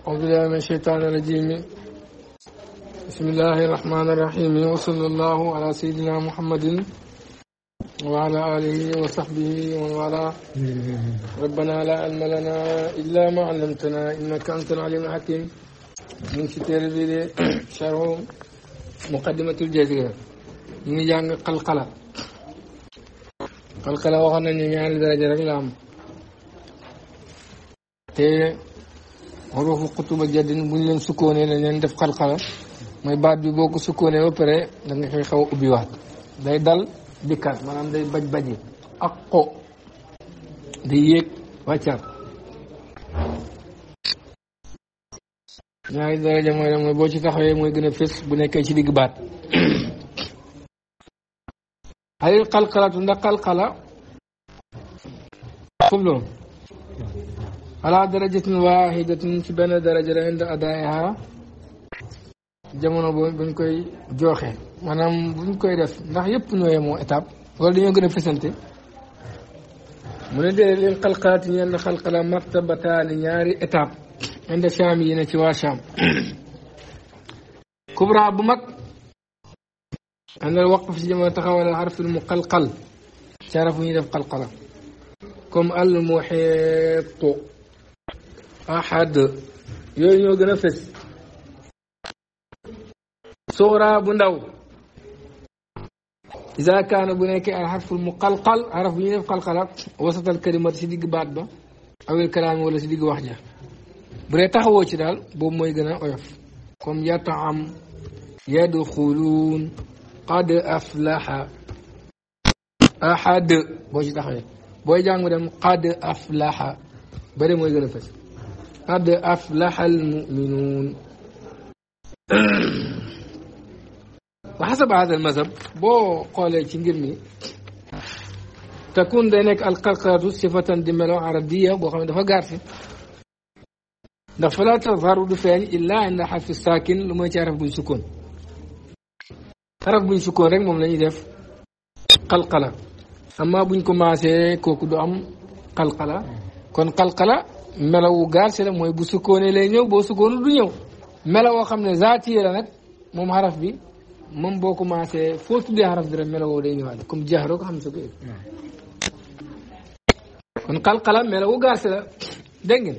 أعوذ بالله من الشيطان الرجيم بسم الله الرحمن الرحيم وصلى الله على سيدنا محمد وعلى آله وصحبه ومن والاه ربنا لا علم لنا إلا ما علمتنا إنك أنت العليم الحكيم من ستير بيدي شرح مقدمة الجزيرة من جان قلقلة قلقلة وخنا نيان درجة رقلام xurufu xutuba jaddin bu ñu leen sukkoonee dañ leen def xalxala mooy baat bi boo ko sukkoonee ba pare da nga koy xaw a ubbiwaat day dal dikkaat maanaam day baj baji ak xo day yéeg wàccaat ñaari daraja mooy mooy boo ci taxawee mooy gën a fés bu nekkee ci digg baat xalil xalxalatu ndax xalxala foofu loolu على درجة واحدة في بين درجة عند أدائها جمعنا بنكوي جوخي أنا بنكوي رف نح يبنو يمو أتاب قال لي في سنتي من دير الانقلقات ان خلق لا مرتبتان ياري اتاب عند شامي نتي واشام كبرى بمك عند الوقف في جمع تخول الحرف المقلقل شرفني في قلقلة كم المحيط ahad yooyu ñoo gën a fës suura bu ndaw ida kaana bu nekkee alxarfu muqalqal araf bu ñuy def qalqala wasatal kalimat si digg baat ba awil kalaami wala si digg wax ja bu dee taxawoo ci daal boobu mooy gën a oyof comme yataam yadxuluun qad aflaha ahad boo ci taxawee booy jàng dem qad aflaha bëri mooy gën a fës قد أفلح المؤمنون وحسب هذا المذهب بو قال تنجرني تكون دينك القرقرة صفة دملو عربية وقام دفع قارفي دفلا تظهر دفعين إلا أن حرف الساكن لما يتعرف بن سكون حرف بن سكون رك مم لن يدف قلقلة أما بن كماسي كوكو دو أم قلقلة كون قلقلة melawu gaar si la mooy bu sukkoonee lay ñëw boo sukkoonu du ñëw melawoo xam ne zaatiye la moom xaraf bi moom boo commencé foo tuddee xaraf bi rek melawoo day ñëwaat comme jeex rek xam sa ko kon xalxala gaar si la dégg ngeen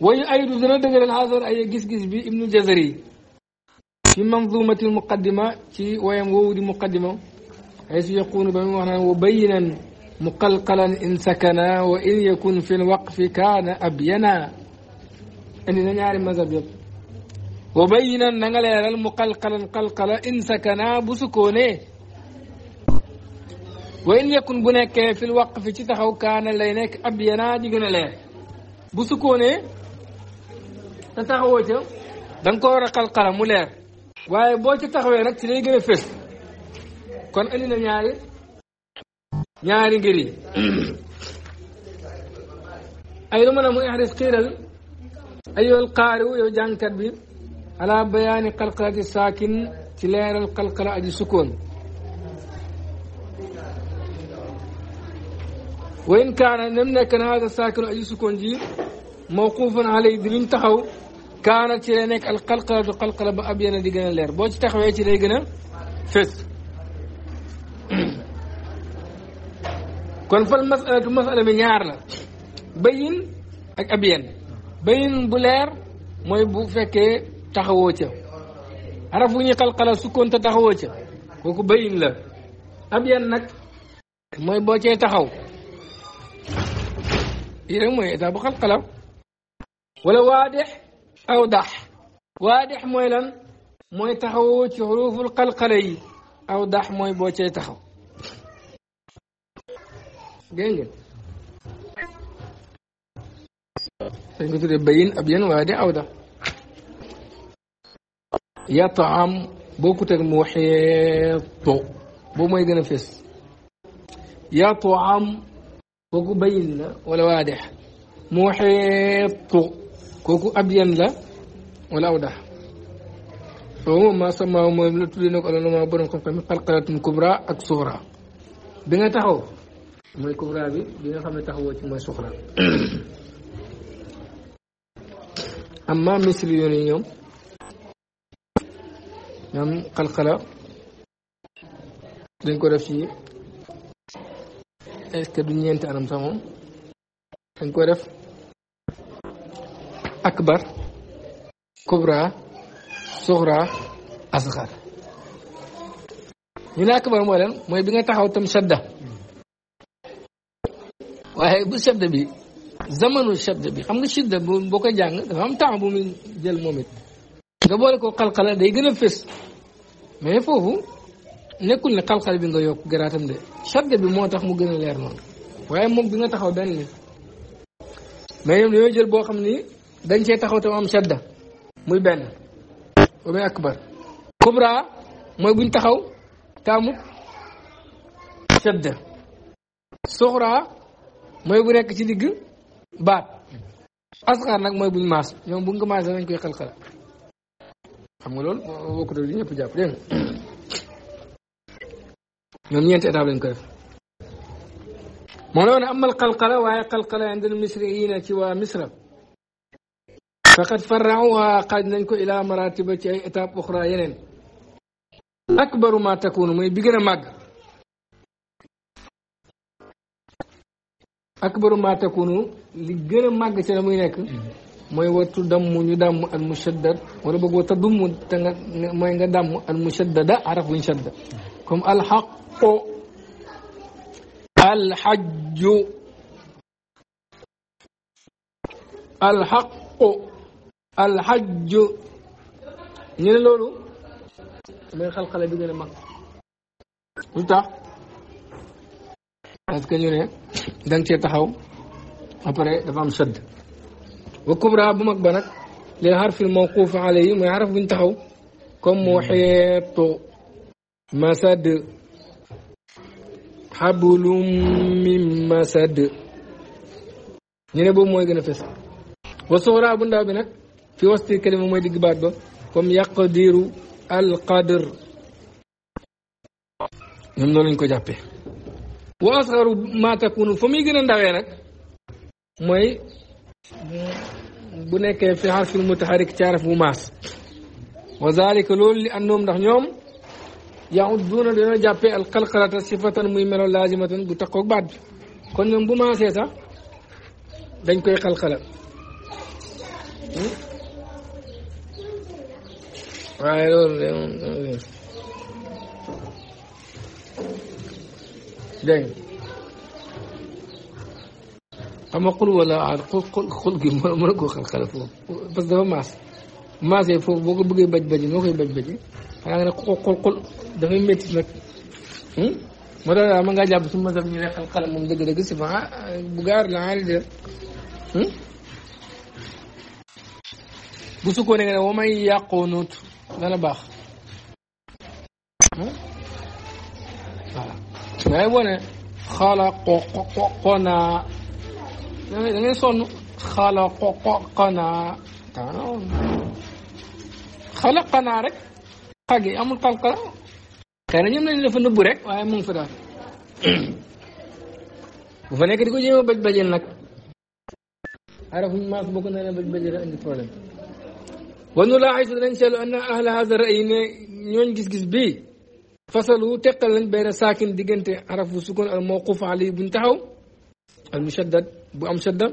wayu ayidu dana dëgëral xaasar ay gis bi ibnu jazari fi manzumatil muqaddima ci wayam woowu di muqaddima ay su ba mu wax naan مقلقلا إن سكنا وإن يكن في الوقف كان أبينا إن ماذا مذهب وبين وبينا نغلا المقلقلا قلقلا إن سكنا بسكونه وإن يكن بنك في الوقف تتخو كان لينك أبينا ديغنا لا بسكوني تتخو وجه دنكو قلقلا مولير waaye boo ci taxawee nag ci lay أني a fés ñaari ngir yi ay lu mën a mu ihris xiiral ayol qaariwu yow jàngkat bi ala bayaani qalqalati saakin ci leeral qalqala aji sukkoon wa in kaana nem nekk na hada saakinu aji sukkoon ji mawquufan alay di luñ taxaw kaanat ci lay nekk al qalqalatu qalqala ba ab yena di gën a leer boo ci taxawee ci lay gën a fés kon fal masalatu masala bi ñaar la bayin ak abiyan bayin bu leer mooy bu fekkee taxawoo ca araf wu ñu xalxala sukkoon te taxawoo ca kooku bayin la abiyan nag mooy boo cee taxaw yi rek mooy état bu xalxala wala waadex aw dax waadex mooy lan mooy taxawoo ci xuruful xalxala yi aw dax mooy boo cee taxaw dégg ngeen dañ ko tuddee bayin ab yan waaye di awda yataam bokkut ak muxiitu boobu mooy gën a fés yataam kooku bayin la wala waadex muxiitu kooku ab yan la wala awda foofu moom maa sama mooy la tuddee na ko alal ma borom xam-xam ak suura bi nga taxaw mooy kubra bi bi nga xam ne taxawoo ci mooy suxra amma misli yoon yi ñoom ñoom dañ ko def ci est-ce que du ñeenti dañ ko def akbar kubra suxra asxar ñu ne akbar moo leen mooy bi nga taxaw tam shadda waaye bu shadda bi zamanu shadda bi xam nga shidda boo koy jàng dafa am temps bu muy jël moom nga boole ko xalxala day gën a fés foofu nekkul ne xalxal bi nga yokk garaatam de shadda bi moo tax mu gën a leer noonu waaye moom bi taxaw benn mais ñoom jël boo xam ni dañ cee taxaw te am shadda muy benn ba muy akbar taxaw taamut moy bu nek ci digg baat asxaar nak moy buñ maas ñom buñ ko maasee dañ koy xal xal xam nga lool bokk do li ñëpp jàpp dégg nga ñoom étape lañ ko def mo la woon amal qalqala wa qalqala indal misriyin ci wa misra faqad farrauha qad nañ ko ila maratiba ci étape oxra yenen akbaru ma takunu moy bi gëna mag akbaru ma takunu li gën a màgg ci la muy nekk mm-hmm. mooy wattu damm ñu damm al mushaddad wala bëgg wata dumm te nga mooy nga damm al mushaddada araf buñ shadda comme alxaqu alxajju alxaqu alxajju ñu ne loolu mooy xalxale bi gën a mag lu tax parce que ñu ne da nga cee taxaw après dafa am sëdd wa ñu ne boobu mooy gën a fes wa suxra bu ndaw bi nag fi wasti kalima mooy digg baat ba comme yaqdiru al qadr ñoom noonu lañ ko jàppee wa asgaru ma takunu fa muy gën a ndawee mooy bu nekkee fi xarfil mutaharik caaraf bu maas wa zalika loolu li annoom ndax ñoom yaudduuna dana jàppee alqalqalata sifatan muy melo laazimatan bu takkoog baat bi kon ñoom bu maase sax dañ koy xalqala hmm? waaye dégg xam nga xul wala a koo xalxale foofu parce que dafa maas maas yi foofu boo ko bëggee baj baji noo koy baj baji xanaa nga ne xul xul xul dafay métti nag moo tax daal mën ngaa jàpp su ma saf ñu ne xalxale si fa bu gaar la aari de bu ne nga ne may yàqoo noot dana baax waaye boo ne xaala qoqoqonaa da ngay sonn xaala qoqoqonaa rek xagi amul xalqala xëy na ñoom dañu dafa nëbbu rek waaye mu ngi fa daal bu nekk di ko jéem a bëj bëjel nag. arafuñ maas bokk na ne bëj bëjel a indi problème. wanu laa xaysa danañ seetlu anna ahla hada rayi ne ñooñ gis فصلوا تقلا بين ساكن ديجنت حرف السكون الموقوف عليه بنتهو المشدد بأم شدة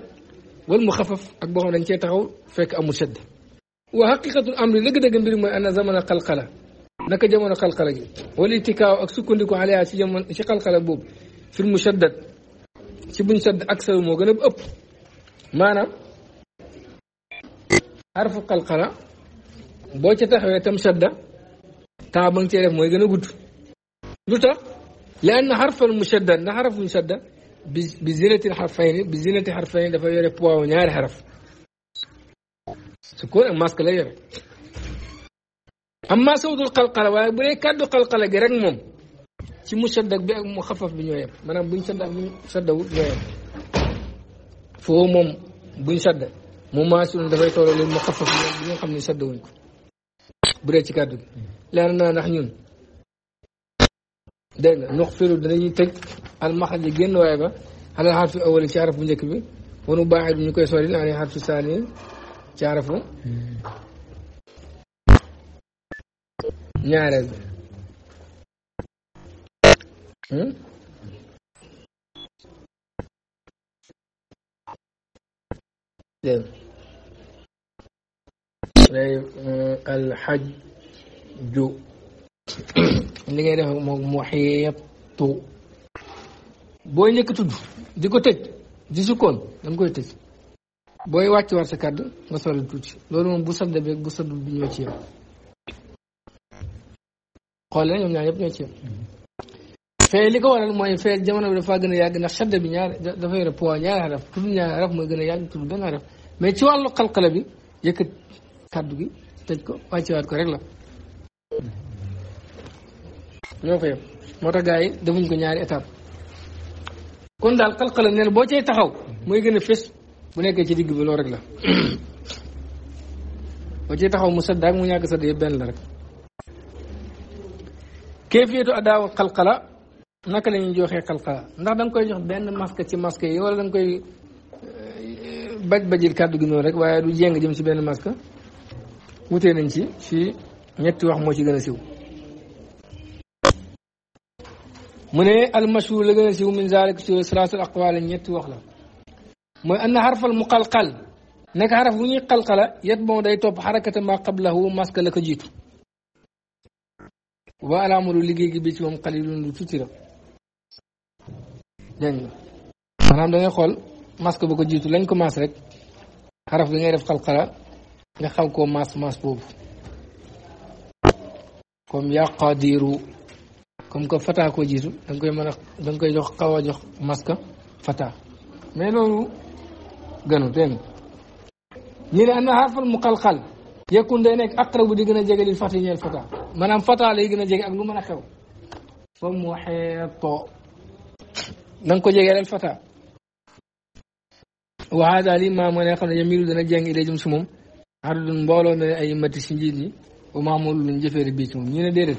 والمخفف أكبر من تيتهو فك أم شدة وحقيقة الأمر لقد جنبي ما أنا زمن القلقلة نك زمن القلقلة والاتكاء أكسكون لكم عليها شي في شي قلقلة بوب في المشدد شي بن شد أكثر موجب أب ما أنا حرف القلقلة بوجهته هي تمشدة تابن تعرف موجب أب lu tax la ann xarfal mushadda na xaraf mushadda bi bi zinati xarfayni bi zinati xarfayni dafa yore poids ñaari xaraf sukkoon ak masque la yore amma sawtul xalqala waaye bu dee kàddu xalqala gi rek moom ci mushadda bi ak mu xafaf bi ñoo yem maanaam buñ sadda ak buñ saddawut ñoo yem foo moom buñ sadda mu maasul dafay tolloo leen mu xafaf bi nga xam ne saddawuñ ko bu dee ci kàddu gi leer naa ndax ñun نقفل نغفر دنيي تك المحل دي ген وايبا انا حرف في اول شي عرف نيك بي ونو باعد سوري انا حرف ثاني شي عرف الحج جو li ngay def moom muxiitu booy njëkk tudd di ko tëj di sukkoon da nga koy tëj booy wàcc war sa kàdd nga sori tuuti loolu moom bu sadda beeg bu saddul bi ñoo ci yem xoolee ñoom ñaar yëpp ñoo ci yem fee li ko waral mooy fee jamono bi dafa gën a yàgg ndax sadda bi ñaar dafa yore poids ñaari xaraf tudd ñaari xaraf mooy gën a yàgg tudd benn xaraf mais ci wàllu xalqala bi yëkkat kàddu gi tëj ko wàccewaat ko rek la ñoo ko yem moo tax gars yi defuñ ko ñaari étape kon daal xalxala neen boo cay taxaw mooy gën fës bu nekkee ci digg bi loolu rek la boo cay taxaw mu sadd ak mu ñàkk sadd yëpp benn la rek kéefiyatu adaaw xalxala naka la ñuy joxee xalxala ndax danga koy jox benn masque ci masque yi wala danga nga koy euh, baj bajil kàddu gi noonu rek waaye du jéng jëm ci benn masque wutee nañ ci ci ñetti wax moo ci gën a siw مني المشهور لغا سيو من ذلك سيو سلاس الأقوال نيت وخلا مني أن حرف المقلقل نك حرف وني قلقل يتبعو داي توب حركة ما قبله ماسك لك جيت وعلى مرو لغي جبيت وم قليل لتتر لن مرام داي خول ماسك بك جيت لنك ماس رك حرف لغا يرف قلقل نخاوكو ماس ماس بوب كم يقدروا comme que fata jiitu da nga koy mën da nga koy jox xaw a jox maska fata mais loolu gënu dégg nga ñu ne mu xalxal yekkun day nekk aqrabu di gën a jege lil fata ñeel fata maanaam fata gën a jege ak lu mën a xew comme mu xeetoo da nga ko jegee lal fata wa hada li ma moo ne xam ne yamilu dana jeng si moom adudun mbooloo ne ay matti si njiit ñi ba maamul luñ jëfeere bii ci moom ñu ne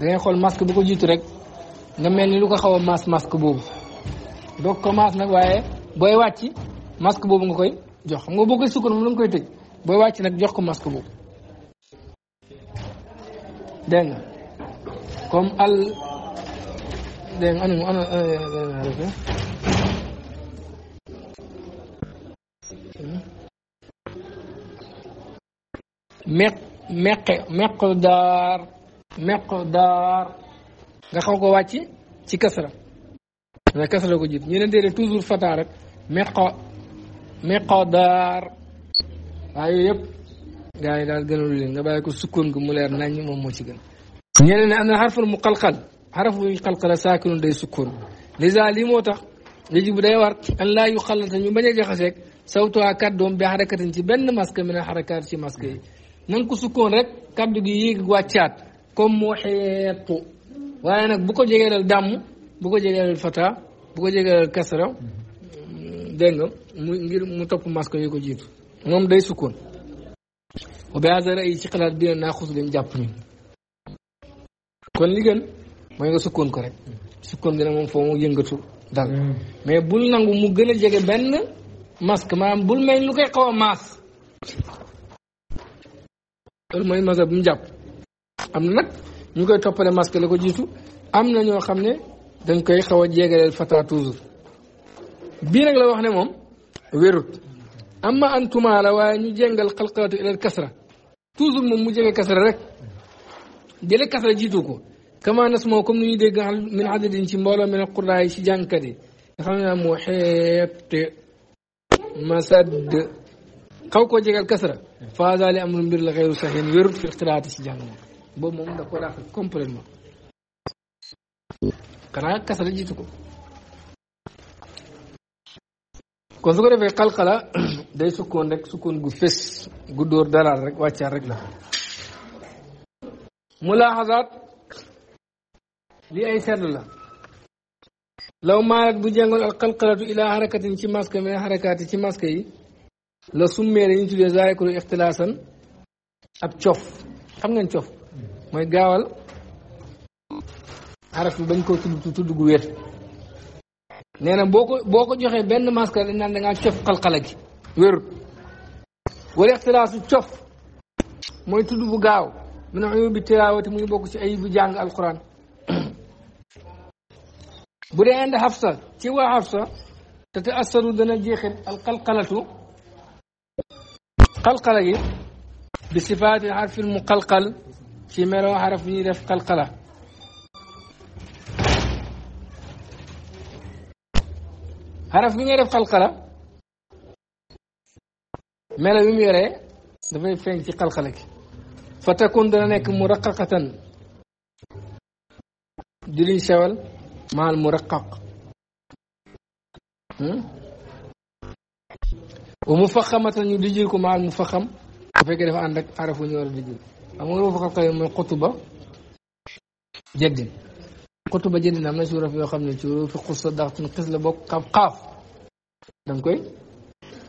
da xool masque bu ko jiitu rek nga mel ni lu ko xaw a maas masque boobu doo ko maas nag waaye booy wàcc masque boobu nga koy jox xam nga boo koy sukkandiku moom la nga koy tëj booy wàcc nag jox ko masque boobu. dégg nga comme al dégg nga daar. miqdaar nga xaw ko wàcc ci kasra na kasra ko jiit ñu ne déedéet toujours fata rek miqo miqdaar waaye yëpp gaa yi daal gënalu leen nga bàyyi ko sukkoon ko mu leer nañ moom moo ci gën ñeneen ne am na xarful mu xalxal xaraf bu ñu xalxala saakinoon day sukkoon lisa lii moo tax léegi bu day war an laa yu xalata ñu bañ a jaxaseeg sawtuwaa kàddoom bi xarakatin ci benn masque mi ne ci maska yi na nga ko sukkoon rek kaddu gi yéeg wàccaat comme mu xeetu waaye nag bu ko jegee jegeelal dàmm bu ko jegeelal fata bu ko jegeelal kasra mm, dégg nga mu ngir mu topp masque yi ko jiitu moom day sukkoon wa bi ci xalaat bi ne naa xus lañ jàpp ni kon li gën mooy nga sukkoon ko rek sukkoon dina moom foo mu yëngatu dal mm. mais bul nangu mu gën a jege benn masque maanaam bul mel lu koy xaw a maas loolu mooy masque bu mu jàpp am na ñu koy toppale masque lako jitu amna ño xamné ñoo dañ koy xawa a jéegaleel fata toujours bi nak la wax ne mom wérut amma antuma la waaye ñu jéngal xalqalatu ilal kasra toujours mom mu jege kasra rek jële kasra jitu ko kama nas moo comme ni ñu dégg min adadin ci mbolo min alqurdaa yi ci jankati xamna nga xam ne naa moo xeebte masadd xaw koo jegal kasra faadaali amru mbir la xeyru saxin wérut fi ixtilaati ci jàng boobu moom da ko dàq complètement xanaa kasala jiitu ko kon su ko defee xalxala day sukkoon rek sukkoon gu fés gu dóor dalaal rek wàccaar rek la mulaaxasaat li ay seetlu la law maarat bu jàngoon al xalxalatu ilaa xarakatin ci masque mais xarakaat ci masque yi la summee dañu tuddee zaayikulu ixtilaasan ab cof xam ngeen cof mooy gaawal araf bi bañ koo tudd tudd gu wér nee na boo boo ko joxee benn masque dañ naan da ngaa cof xalxala gi wérut mooy tudd bu gaaw min uyubi tilaawati mu bokk ci ayibu jàng alquran bu dee ànd xafsa ci waa xafsa te te dana jeexit alxalxalatu xalxala gi bi sifaati xarfil mu xalxal شي ما لو عرف في القلقلة عرف مين قلقلة ما لو يميري دابا فين في قلقلك فتكون دانيك مرققة ديرين شوال مع المرقق ومفخمة يدجلكم مع المفخم فكيف عندك عرفوا نور قلقلة xam nga ruufu xalqi mooy xutuba jaddin xutuba jaddin am na ci ruuf yoo xam ne ci ruufu xus la daxtun xis la bokk xaaf xaaf danga koy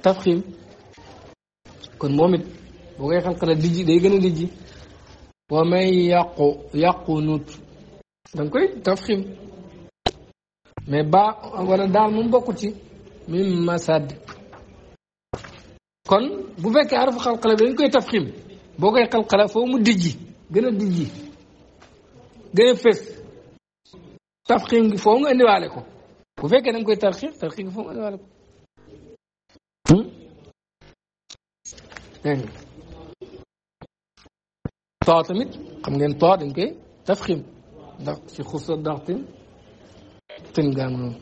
tafxiim kon moom it boo koy xalqala dijji day gën a dijji wa may yàqu yàqu nuut danga koy tafxiim mais baa wala daal moom bokkut ci mim masad kon bu fekkee arufu xalqala bi dañ koy tafxiim boo koy xalxala foo mu dijji gën a dijji gën a fës tafxiim gi foo nga indiwaale ko bu fekkee da nga koy tarxiix tarxiix gi foo nga indiwaale ko hmm? dégg nga too tamit xam ngeen too dañ koy tafxiim ndax si xusa ndax tin tin gaa noonu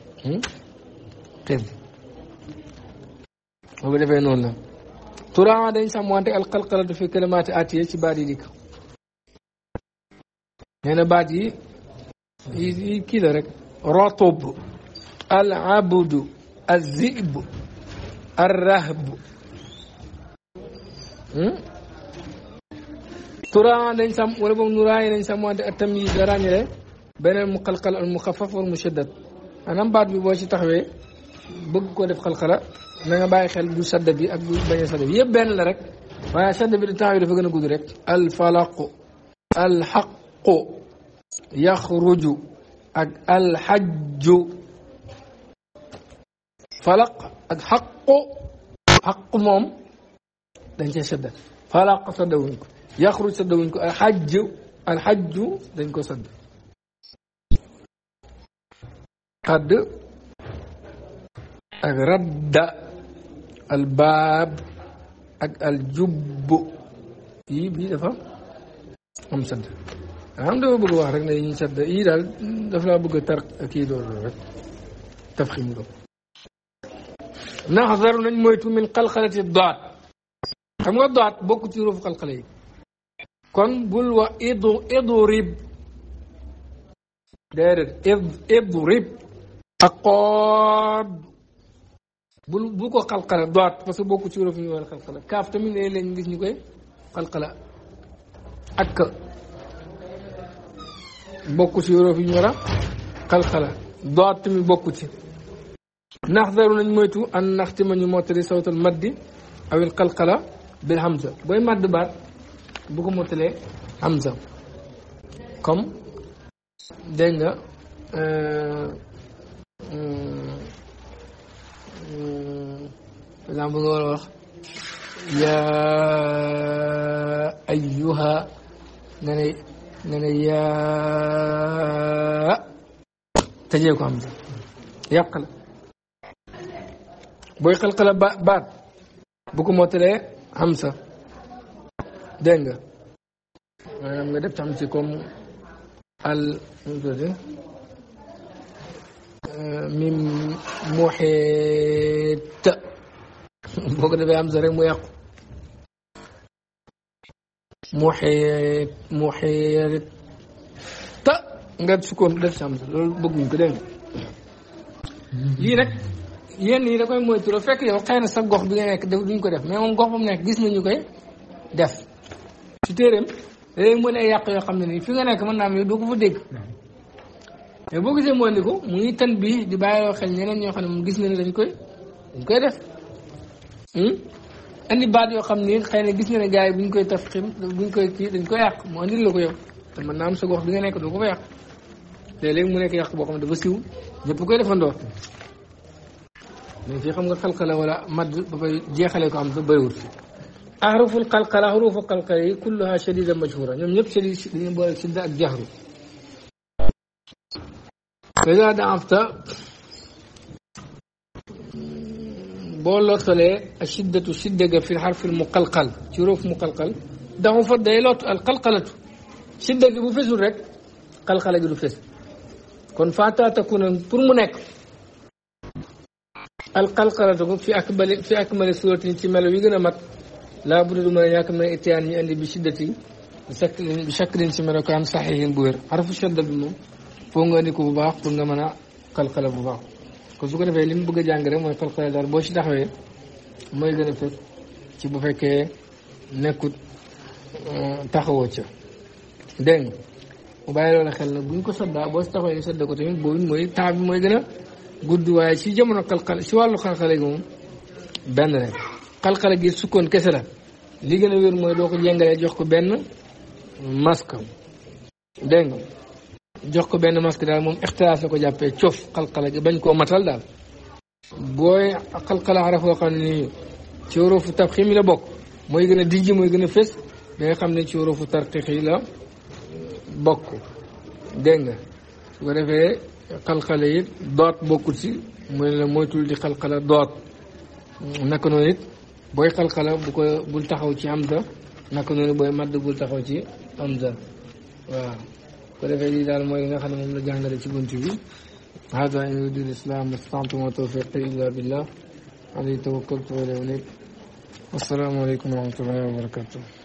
xëy hmm? ترى ما دين سموانتي القلقلة في كلمات آتية شبالي لك هنا بعد كده رك رطب العبد الذئب الرهب ترى ما دين سم ولبم نورا دين سموانتي التمي جرامي بين المقلقل المخفف والمشدد أنا بعد بيبوشي تحوي بقول في القلقلة na nga bàyyi xel bu sadd bi ak bu bañ a sadd bi yëpp benn la rek waaye sadd bi di temps yi dafa gën a gudd rek alfalaqu alxaqu yaxruju ak alxajju falaq ak xaqu xaqu moom dañ cee sadda falaq sadda wuñ ko yaxruj sadda wuñ ko alxajju alxajju dañ ko sadd xadd ak radda الباب الجب اي بي دافا ام سد ام دو بوغ واخ رك ني ني سد اي دال دافا بوغ ترق كي دور رك تفخيم دو نحذر نني مويتو من قلقله الضاد خم نغ الضاد بوك تي روف قلقله كون بول و ادو ادرب دارت اضرب اقاب bul bu ko xalqala doot parce que bokku ci wolof yi wala xalqala kaaf tamit léeg-léeg ñu gis ñu koy xalqala ak ka bokku ci wolof yi ñu war a xalqala doot tamit bokku ci naxdaru nañ moytu an naxtima ñu mottali sawtal maddi awil xalqala bil hamza booy madd baat bu ko mottalee hamza comme dégg nga يا أيها نني نني يا تجيكو عمد يقل بو يقل قل بعد بكو إيه؟ همسة دينغا أنا مدرب ال ميم محيط boo ko defee hamza rek mu yàqu muxiit muxiit ta nga sukkoon def si hamza loolu bëgguñ ko dégg lii nag yenn yi da koy moytu la fekk yow xëy na sa gox bi nga nekk def duñ ko def mais moom gox mu nekk gis nañu koy def ci téeréem ay yàq yoo xam ne nii fi nga nekk mën naa am yow doo ko fa dégg mais boo gisee moo indi ko mu ngi tan bii di bàyyiloo xel ñeneen ñoo xam ne moom gis na ne dañ koy dañ koy def Hmm? andi baat yoo xam ni xëy na gis na ne gars yi bu ñu koy tafxim bu ñu koy kii dañ koy yàq mu andil la ko yow te mën naa am sa gox bi nga nekk doo ko fa yàq léeg-léeg mu nekk yàq boo xam ne dafa siw ñëpp koy defandoo mais fii xam nga xalqala wala madd ba koy jeexalee ko a sa bëriwul fi ahruful xalqala ahrufu xalqala yi kulluha shadida majhura ñoom ñëpp shadid dañu boole shidda ak jahru boo lottalee ashiddatu sidda ga fi xarfil muqalqal ci roof muqalqal daxu fa day lott alqalqalatu sidda gi bu fesul rek qalqala gi du fes kon fata takuna pour mu nekk alqalqalatu ko fi akbali fi akmali suratin ci melo yi gën a mat laa budda du mën a ñàkk mën a itiyaan ñu indi bi siddati bisaklin bi shaklin ci melokaan saxihin bu wér xarfu shadda bi moom foo nga indi ko bu baax pour nga mën a qalqala bu baax kon su ko defee li mu bëgg a jàng rek mooy xalqul azhar boo ci taxawee mooy gën a fës ci bu fekkee nekkut euh, taxawoo ca dégg nga mu bàyyi loolu xel nag bu ñu ko saddaa boo si taxawee ñu sadda ko tamit boobu mooy temps bi mooy gën a gudd waaye ci jamono xalqal ci wàllu xalqale gi moom benn rek xalqale gi sukkoon kese la li gën a wér mooy doo ko jàngalee jox ko benn masque dégg jox ko benn masque daal moom ixtilaaf la ko jàppee coof xalxala gi bañ koo matal daal booy xalxala xaraf boo xam ne ci worofu tabxiim yi la bokk mooy gën a dijji mooy gën a fés da xam ne ci worofu tarqiix yi la bokk dégg nga su ko defee xalxala yi doot bokkul si mooy la moytul di xalxala doot naka noonu it booy xalxala bu ko bul taxaw ci hamza naka noonu booy madd bul taxaw ci hamza waaw ko defee lii daal mooy li nga xam ne moom la jàngale ci bunt bi hada in uridu l-islaah mastata'tu wa tawfiqi illa billah alayhi tawakkaltu wa ilayhi unib wassalaamu aleykum wa rahmatullahi wa barakatuh